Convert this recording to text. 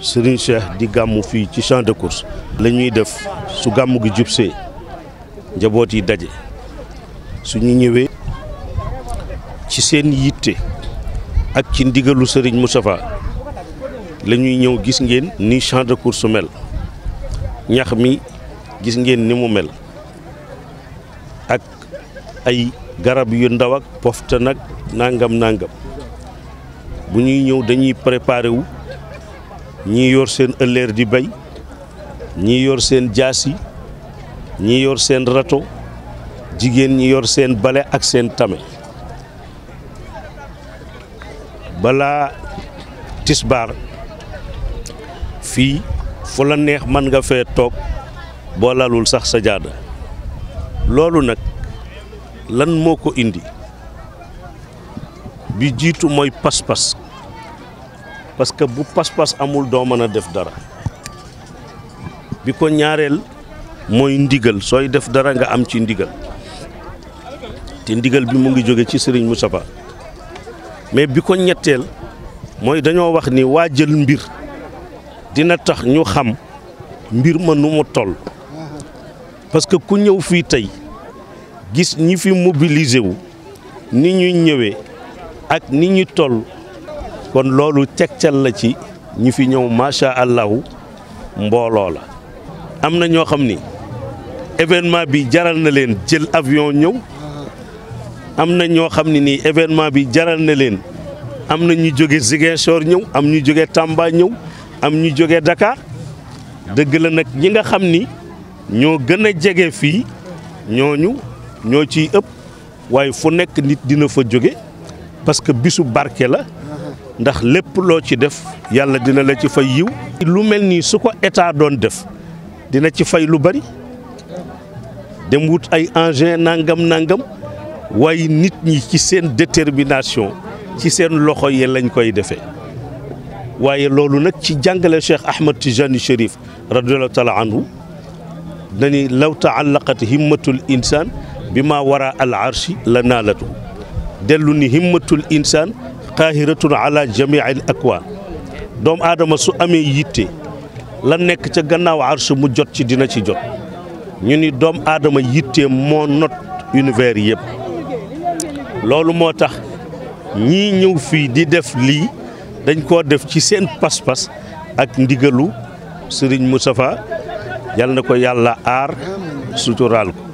Serigne Cheikh di gàmmu fii ci champ de course lañuy def su gàmmu gi jubsee njaboot yi daje su ñu ñëwee ci seen yitte ak ci ndigalu Serigne Moustapha lañuy ñëw gis ngeen ni champ de course mel ñax mi gis ngeen ni mu mel ak ay garab yu ndaw ak pofta nag nangam nangam bu ñuy ñëw dañuy préparer wu. ñii yor seen ëlleer di bay ñii yor seen jaasi ñii yor seen rato jigéen ñi yor seen bale ak seen tame balaa tisbaar fii fu la neex mën nga fee toog boo lalul sax sa jaada loolu nag lan moo ko indi bi jiitu mooy pas-pas parce que bu pas-pas amul doo mën a def dara bi ko ñaareel mooy ndigal sooy def dara nga am ci ndigal te ndigal bi mu ngi jóge ci Serigne Moustapha mais bi ko ñetteel mooy dañoo wax ni waa jël mbir dina tax ñu xam mbir ma nu mu toll parce que ku ñëw fii tey gis ñi fi mobiliser wu ni ñuy ñëwee ak ni ñu toll kon loolu tegtal la ci ñi fi ñëw macha allahu mbooloo la am na ñoo xam ni événement bi jaral na leen jël avion ñëw am na ñoo xam ne nii événement bi jaral na leen am na ñu jóge Ziguinchor ñëw am ñu jóge Tamba ñëw am ñu jóge Dakar dëgg la nag ñi nga xam ni ñoo gën a jege fii ñooñu ñoo ciy ëpp waaye fu nekk nit dina fa jóge parce que bisu barke la ndax lépp lo ci def yàlla dina la ci fay yiw lu melni suko état don def dina ci fay lu bari dem wut ay engin nangam nangam way nit ñi ci sen détermination ci sen loxo ye lañ koy defé waye lolu nak ci jàngale Cheikh Ahmed Tijani Chérif radhiyallahu taala anhu dani law taallaqat himmatul insaan bi ma wara al arshi lanalatu delu dellu ni himmatul insan qaahiratun ala jamii al akwan doomu aadama su amee yitte la nekk ca gannaaw arsh mu jot ci dina ci jot ñu ni doomu aadama yitte moo not univers yépp loolu moo tax ñii ñëw fii di def lii dañ koo def ci seen paspas ak ndigalu sëriñ musafa yal na ko yàlla aar suturaal ko